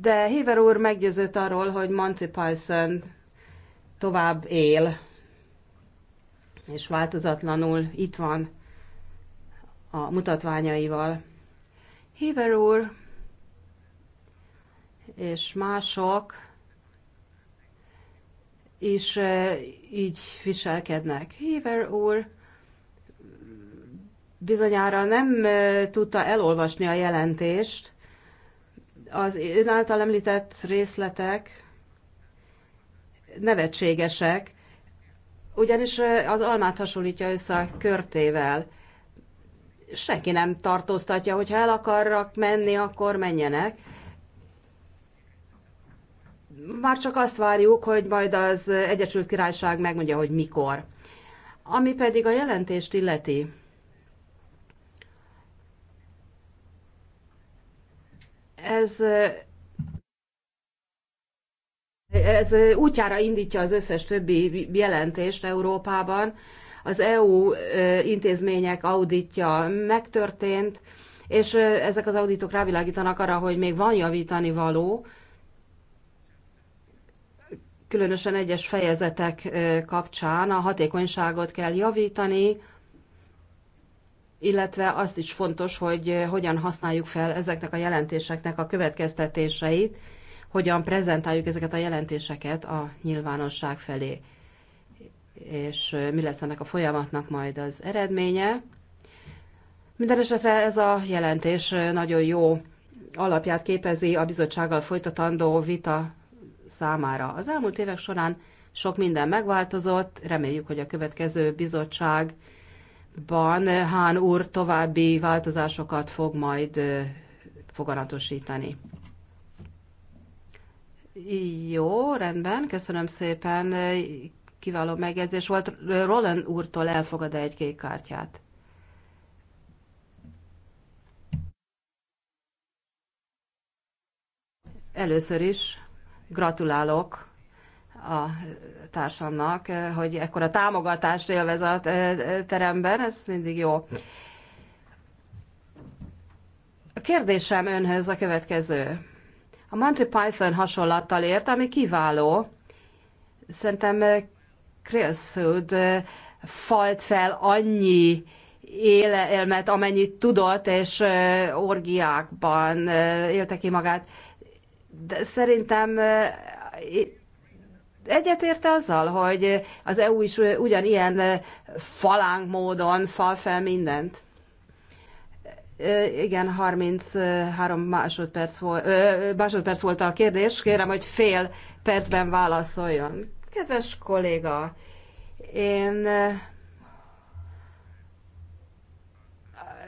de Hiver úr meggyőzött arról, hogy Monty Python tovább él, és változatlanul itt van a mutatványaival. Hiver úr és mások is eh, így viselkednek. Hever úr bizonyára nem eh, tudta elolvasni a jelentést. Az ön által említett részletek nevetségesek, ugyanis eh, az almát hasonlítja össze a körtével. Senki nem tartóztatja, hogyha el akarnak menni, akkor menjenek már csak azt várjuk, hogy majd az Egyesült Királyság megmondja, hogy mikor. Ami pedig a jelentést illeti, ez, ez útjára indítja az összes többi jelentést Európában. Az EU intézmények auditja megtörtént, és ezek az auditok rávilágítanak arra, hogy még van javítani való, különösen egyes fejezetek kapcsán a hatékonyságot kell javítani, illetve azt is fontos, hogy hogyan használjuk fel ezeknek a jelentéseknek a következtetéseit, hogyan prezentáljuk ezeket a jelentéseket a nyilvánosság felé. És mi lesz ennek a folyamatnak majd az eredménye. Minden esetre ez a jelentés nagyon jó alapját képezi a bizottsággal folytatandó vita számára. Az elmúlt évek során sok minden megváltozott, reméljük, hogy a következő bizottságban Hán úr további változásokat fog majd foganatosítani. Jó, rendben, köszönöm szépen. Kiváló megjegyzés volt. Roland úrtól elfogad -e egy kék kártyát? Először is Gratulálok a társamnak, eh, hogy ekkora támogatást élvez a eh, teremben, ez mindig jó. A kérdésem önhöz a következő. A Monty Python hasonlattal ért, ami kiváló. Szerintem eh, Creosote falt fel annyi élelmet, amennyit tudott, és orgiákban élte ki magát de szerintem egyetérte azzal, hogy az EU is ugyanilyen falánk módon fal fel mindent? Igen, 33 másodperc volt, másodperc volt a kérdés. Kérem, hogy fél percben válaszoljon. Kedves kolléga, én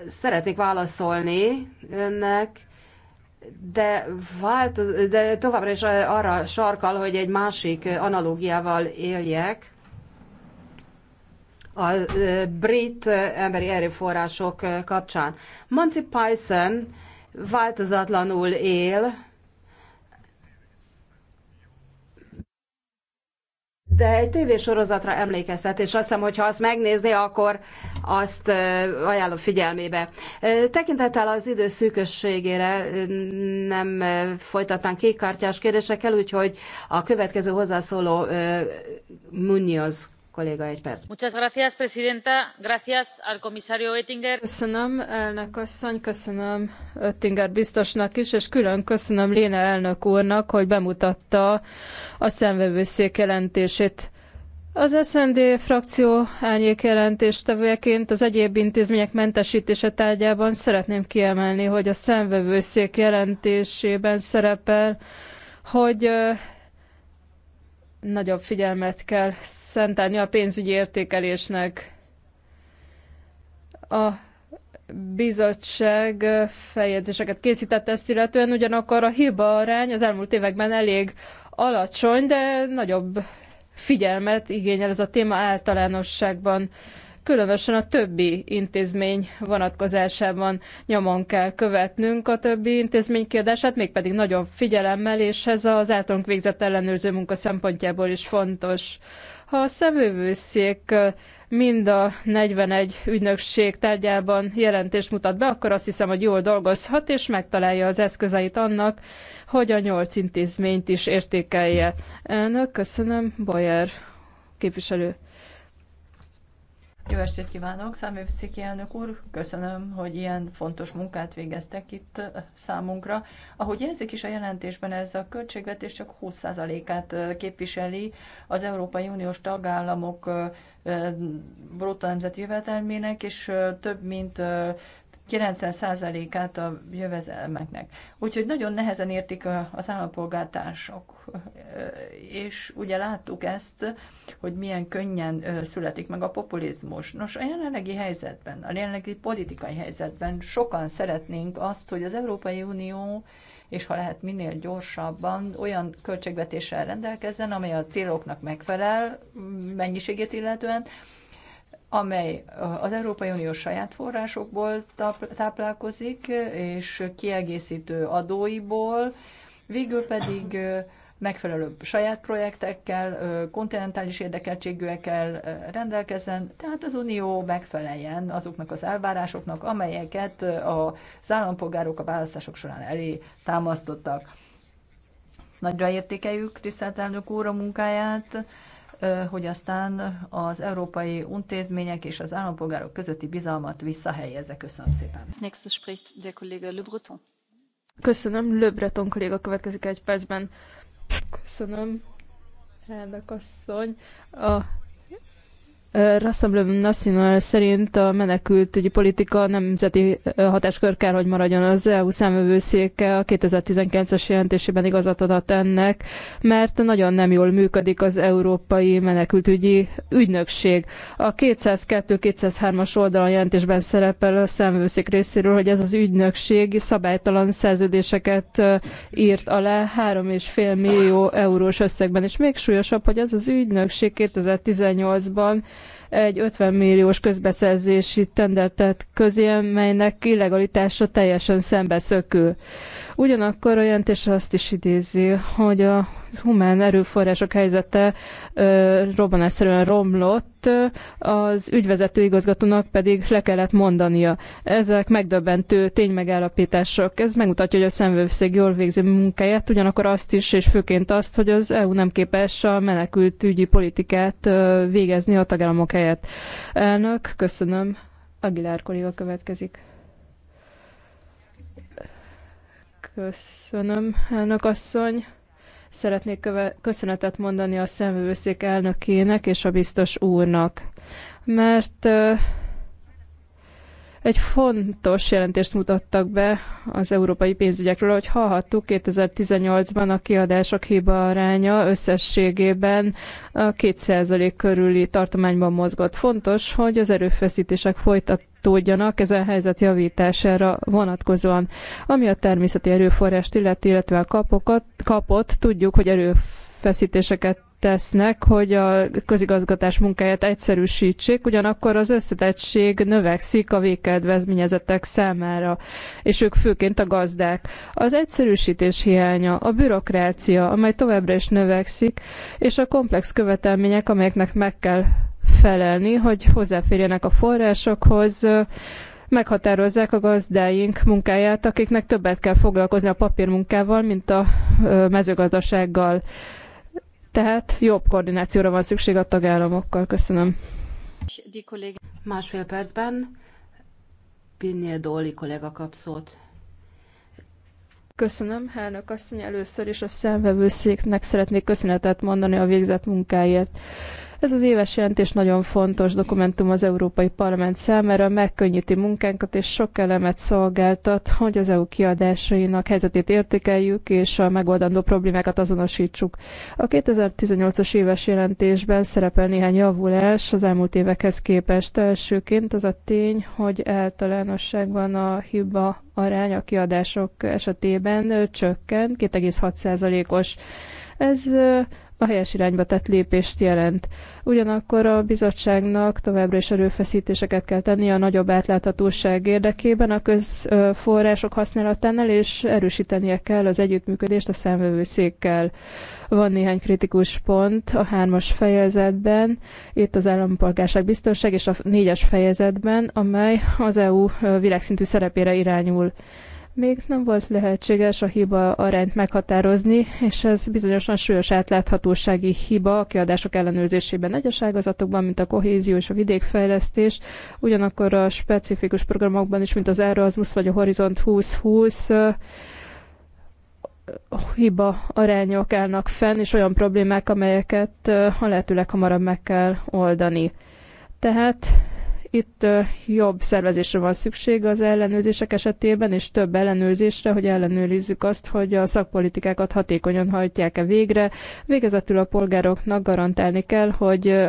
szeretnék válaszolni önnek de, vált, de továbbra is arra sarkal, hogy egy másik analógiával éljek. A brit emberi erőforrások kapcsán. Monty Python változatlanul él, de egy tévésorozatra emlékeztet, és azt hiszem, hogy ha azt megnézi, akkor azt ajánlom figyelmébe. Tekintettel az idő szűkösségére nem folytatnám kékkártyás kérdésekkel, úgyhogy a következő hozzászóló Munoz Köszönöm, elnök asszony, köszönöm Oettinger biztosnak is, és külön köszönöm lehne elnök úrnak, hogy bemutatta a szemvevőszék jelentését. Az SND frakció árnyék jelentéstevőjeként az egyéb intézmények mentesítése tárgyában szeretném kiemelni, hogy a szemvevőszék jelentésében szerepel, hogy nagyobb figyelmet kell szentelni a pénzügyi értékelésnek. A bizottság feljegyzéseket készített ezt illetően, ugyanakkor a hiba arány az elmúlt években elég alacsony, de nagyobb figyelmet igényel ez a téma általánosságban különösen a többi intézmény vonatkozásában nyomon kell követnünk a többi intézmény kiadását, mégpedig nagyon figyelemmel, és ez az általunk végzett ellenőrző munka szempontjából is fontos. Ha a szemövőszék mind a 41 ügynökség tárgyában jelentést mutat be, akkor azt hiszem, hogy jól dolgozhat, és megtalálja az eszközeit annak, hogy a nyolc intézményt is értékelje. Elnök, köszönöm, bajer képviselő. Jó estét kívánok, számvevőszéki elnök úr! Köszönöm, hogy ilyen fontos munkát végeztek itt eh, számunkra. Ahogy jelzik is a jelentésben, ez a költségvetés csak 20%-át eh, képviseli az Európai Uniós tagállamok eh, bruttó nemzeti jövetelmének, és több mint 90%-át a jövezelmeknek. Úgyhogy nagyon nehezen értik az állampolgártársak. És ugye láttuk ezt, hogy milyen könnyen születik meg a populizmus. Nos, a jelenlegi helyzetben, a jelenlegi politikai helyzetben sokan szeretnénk azt, hogy az Európai Unió és ha lehet minél gyorsabban olyan költségvetéssel rendelkezzen, amely a céloknak megfelel mm, mennyiségét illetően, amely eh, az Európai Unió saját forrásokból táplálkozik, és kiegészítő adóiból, végül pedig eh, megfelelő saját projektekkel, eh, kontinentális érdekeltségűekkel rendelkezzen, tehát az Unió megfeleljen azoknak az elvárásoknak, amelyeket az állampolgárok a választások során elé támasztottak. Nagyra értékeljük, tisztelt elnök úr, a munkáját, hogy aztán az európai intézmények és az állampolgárok közötti bizalmat visszahelyezze. Köszönöm szépen. spricht der Kollege Köszönöm, Le Breton kolléga következik egy percben. Köszönöm, elnök asszony. A Rassemblem National szerint a menekültügyi politika nemzeti hatáskör kell, hogy maradjon az EU számövőszéke a 2019-es jelentésében igazat adott ennek, mert nagyon nem jól működik az Európai Menekültügyi Ügynökség. A 202-203-as oldalon jelentésben szerepel a számövőszék részéről, hogy ez az ügynökség szabálytalan szerződéseket írt alá 3,5 millió eurós összegben, és még súlyosabb, hogy ez az ügynökség 2018-ban egy 50 milliós közbeszerzési tendert közé, melynek illegalitása teljesen szembeszökő. Ugyanakkor a jelentés azt is idézi, hogy a humán erőforrások helyzete robbanásszerűen romlott, az ügyvezető igazgatónak pedig le kellett mondania. Ezek megdöbbentő ténymegállapítások. Ez megmutatja, hogy a szemvőszék jól végzi munkáját, ugyanakkor azt is, és főként azt, hogy az EU nem képes a menekült ügyi politikát végezni a tagállamok helyett. Elnök, köszönöm. Aguilar kolléga következik. Köszönöm, elnök asszony. Szeretnék köve- köszönetet mondani a szemvőszék elnökének és a biztos úrnak, mert egy fontos jelentést mutattak be az európai pénzügyekről, hogy hallhattuk 2018-ban a kiadások hiba aránya összességében 2% körüli tartományban mozgott. Fontos, hogy az erőfeszítések folytat, tudjanak ezen helyzet javítására vonatkozóan. Ami a természeti erőforrást illeti, illetve a kapokat, kapot, tudjuk, hogy erőfeszítéseket tesznek, hogy a közigazgatás munkáját egyszerűsítsék, ugyanakkor az összetettség növekszik a végkedvezményezettek számára, és ők főként a gazdák. Az egyszerűsítés hiánya, a bürokrácia, amely továbbra is növekszik, és a komplex követelmények, amelyeknek meg kell felelni, hogy hozzáférjenek a forrásokhoz, meghatározzák a gazdáink munkáját, akiknek többet kell foglalkozni a papírmunkával, mint a mezőgazdasággal. Tehát jobb koordinációra van szükség a tagállamokkal. Köszönöm. Másfél percben Pinnél Dóli kollega kap szót. Köszönöm, elnök asszony. Először is a szemvevőszéknek szeretnék köszönetet mondani a végzett munkáért. Ez az éves jelentés nagyon fontos dokumentum az Európai Parlament számára, megkönnyíti munkánkat és sok elemet szolgáltat, hogy az EU kiadásainak helyzetét értékeljük és a megoldandó problémákat azonosítsuk. A 2018-as éves jelentésben szerepel néhány javulás az elmúlt évekhez képest. Elsőként az a tény, hogy általánosságban a hiba arány a kiadások esetében csökkent, 2,6%-os. Ez a helyes irányba tett lépést jelent. Ugyanakkor a bizottságnak továbbra is erőfeszítéseket kell tenni a nagyobb átláthatóság érdekében a közforrások használatánál, és erősítenie kell az együttműködést a számvevőszékkel. Van néhány kritikus pont a hármas fejezetben, itt az állampolgárság biztonság és a négyes fejezetben, amely az EU világszintű szerepére irányul még nem volt lehetséges a hiba arányt meghatározni, és ez bizonyosan súlyos átláthatósági hiba a kiadások ellenőrzésében egyes ágazatokban, mint a kohézió és a vidékfejlesztés, ugyanakkor a specifikus programokban is, mint az Erasmus vagy a Horizont 2020, hiba arányok állnak fenn, és olyan problémák, amelyeket a lehető leghamarabb meg kell oldani. Tehát itt jobb szervezésre van szükség az ellenőrzések esetében, és több ellenőrzésre, hogy ellenőrizzük azt, hogy a szakpolitikákat hatékonyan hajtják-e végre. Végezetül a polgároknak garantálni kell, hogy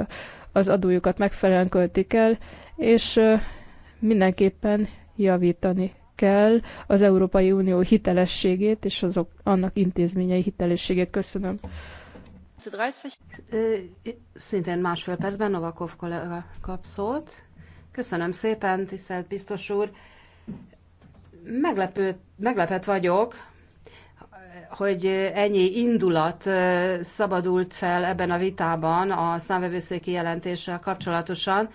az adójukat megfelelően költik el, és mindenképpen javítani kell az Európai Unió hitelességét és azok, annak intézményei hitelességét. Köszönöm. Szintén másfél percben Novakov kollega kap szót. Köszönöm szépen, tisztelt biztos úr. Meglepő, meglepet vagyok, hogy ennyi indulat szabadult fel ebben a vitában a számvevőszéki jelentéssel kapcsolatosan.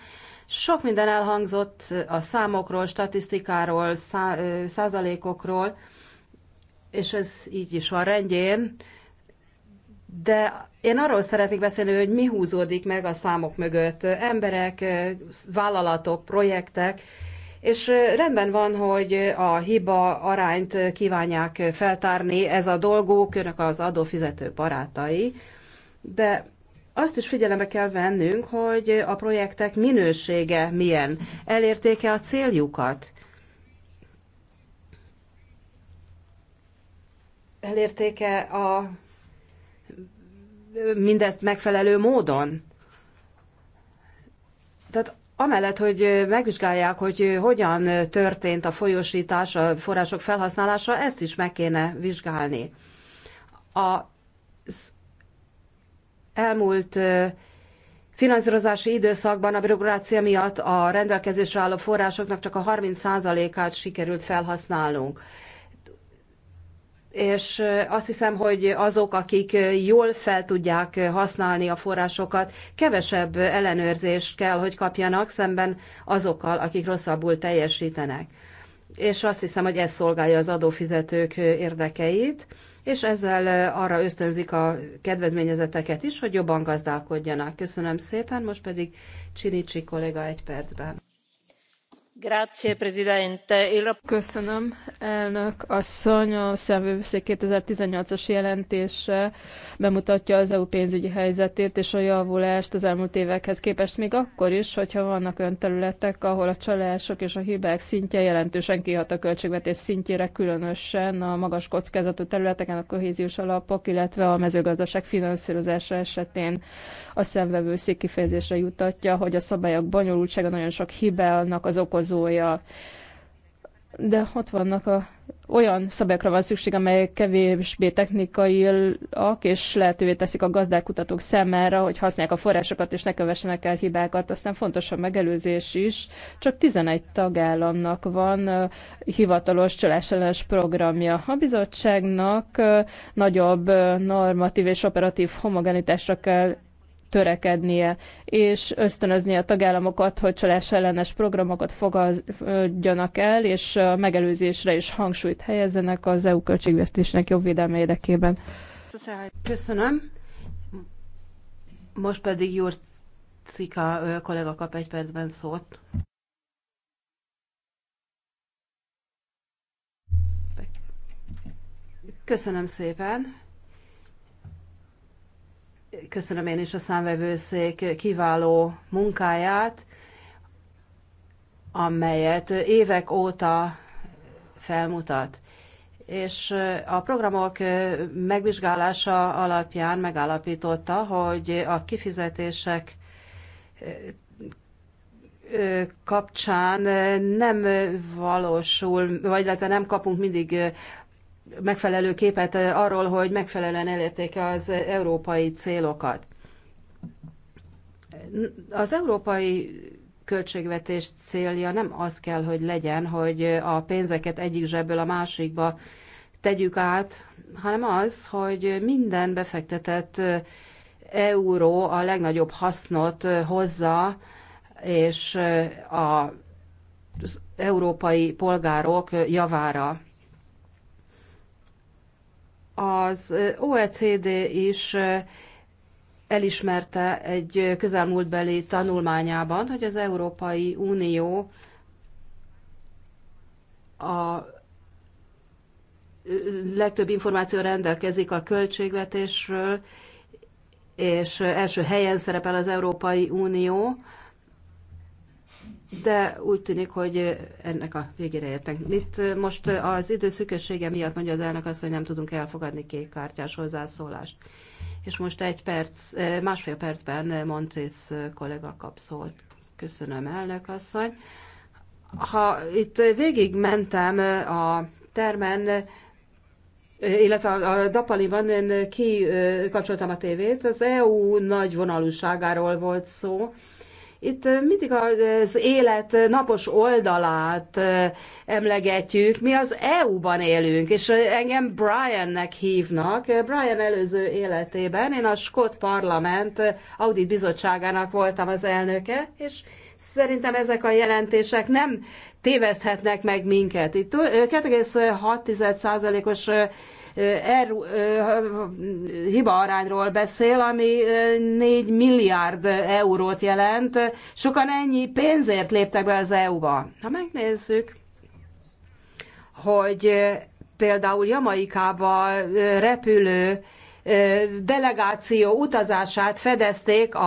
Sok minden elhangzott a számokról, statisztikáról, szá, százalékokról, és ez így is van rendjén. De én arról szeretnék beszélni, hogy mi húzódik meg a számok mögött. Emberek, vállalatok, projektek, és rendben van, hogy a hiba arányt kívánják feltárni, ez a dolgok, önök az adófizető barátai, de azt is figyelembe kell vennünk, hogy a projektek minősége milyen, elértéke e a céljukat, Elértéke e a mindezt megfelelő módon. Tehát amellett, hogy megvizsgálják, hogy hogyan történt a folyosítás, a források felhasználása, ezt is meg kéne vizsgálni. A elmúlt finanszírozási időszakban a bürokrácia miatt a rendelkezésre álló forrásoknak csak a 30%-át sikerült felhasználnunk és azt hiszem, hogy azok, akik jól fel tudják használni a forrásokat, kevesebb ellenőrzést kell, hogy kapjanak szemben azokkal, akik rosszabbul teljesítenek. És azt hiszem, hogy ez szolgálja az adófizetők érdekeit, és ezzel arra ösztönzik a kedvezményezeteket is, hogy jobban gazdálkodjanak. Köszönöm szépen, most pedig Csinicsi kolléga egy percben. Köszönöm, elnök asszony. A and 2018-as jelentése bemutatja az EU pénzügyi helyzetét és a javulást az elmúlt évekhez képest, még akkor is, hogyha vannak olyan területek, ahol a csalások és a hibák szintje jelentősen kihat a költségvetés szintjére, különösen a magas kockázatú területeken, a kohéziós alapok, illetve a mezőgazdaság finanszírozása esetén a számvevőszék kifejezésre jutatja, hogy a szabályok bonyolultsága nagyon sok hibának az okozó hordozója. De ott vannak a, olyan szabályokra van szükség, amelyek kevésbé technikaiak, és lehetővé teszik a gazdálkutatók szemére, hogy használják a forrásokat, és ne kövessenek el hibákat. Aztán fontos a megelőzés is. Csak 11 tagállamnak van hivatalos csalásellenes programja. A bizottságnak nagyobb normatív és operatív homogenitásra kell törekednie, és ösztönözni a tagállamokat, hogy csalás ellenes programokat fogadjanak el, és a megelőzésre is hangsúlyt helyezzenek az EU költségvetésnek jobb védelme érdekében. Köszönöm. Most pedig Jurcika kollega kap egy percben szót. Köszönöm szépen. Köszönöm én is a számvevőszék kiváló munkáját, amelyet évek óta felmutat. És a programok megvizsgálása alapján megállapította, hogy a kifizetések kapcsán nem valósul, vagy illetve nem kapunk mindig megfelelő képet eh, arról, hogy megfelelően elérték az európai célokat. Az európai költségvetés célja nem az kell, hogy legyen, hogy a pénzeket egyik zsebből a másikba tegyük át, hanem az, hogy minden befektetett eh, euró a legnagyobb hasznot eh, hozza, és az európai polgárok javára az OECD is elismerte egy közelmúltbeli tanulmányában, hogy az Európai Unió a legtöbb információ rendelkezik a költségvetésről, és első helyen szerepel az Európai Unió, de úgy tűnik, hogy ennek a végére értünk. Itt most az idő miatt mondja az elnök azt, hogy nem tudunk elfogadni kártyás hozzászólást. És most egy perc, másfél percben Montész kollega kap szót. Köszönöm, elnök asszony. Ha itt végig mentem a termen, illetve a Dapaliban én kikapcsoltam a tévét, az EU nagy vonalúságáról volt szó, itt mindig az élet napos oldalát emlegetjük. Mi az EU-ban élünk, és engem Briannek hívnak. Brian előző életében én a Skót Parlament Audit Bizottságának voltam az elnöke, és szerintem ezek a jelentések nem téveszthetnek meg minket. Itt 2,6%-os er, hibaarányról beszél, ami 4 milliárd eurót jelent. Sokan ennyi pénzért léptek be az EU-ba. Ha megnézzük, hogy például Jamaikába repülő delegáció utazását fedezték a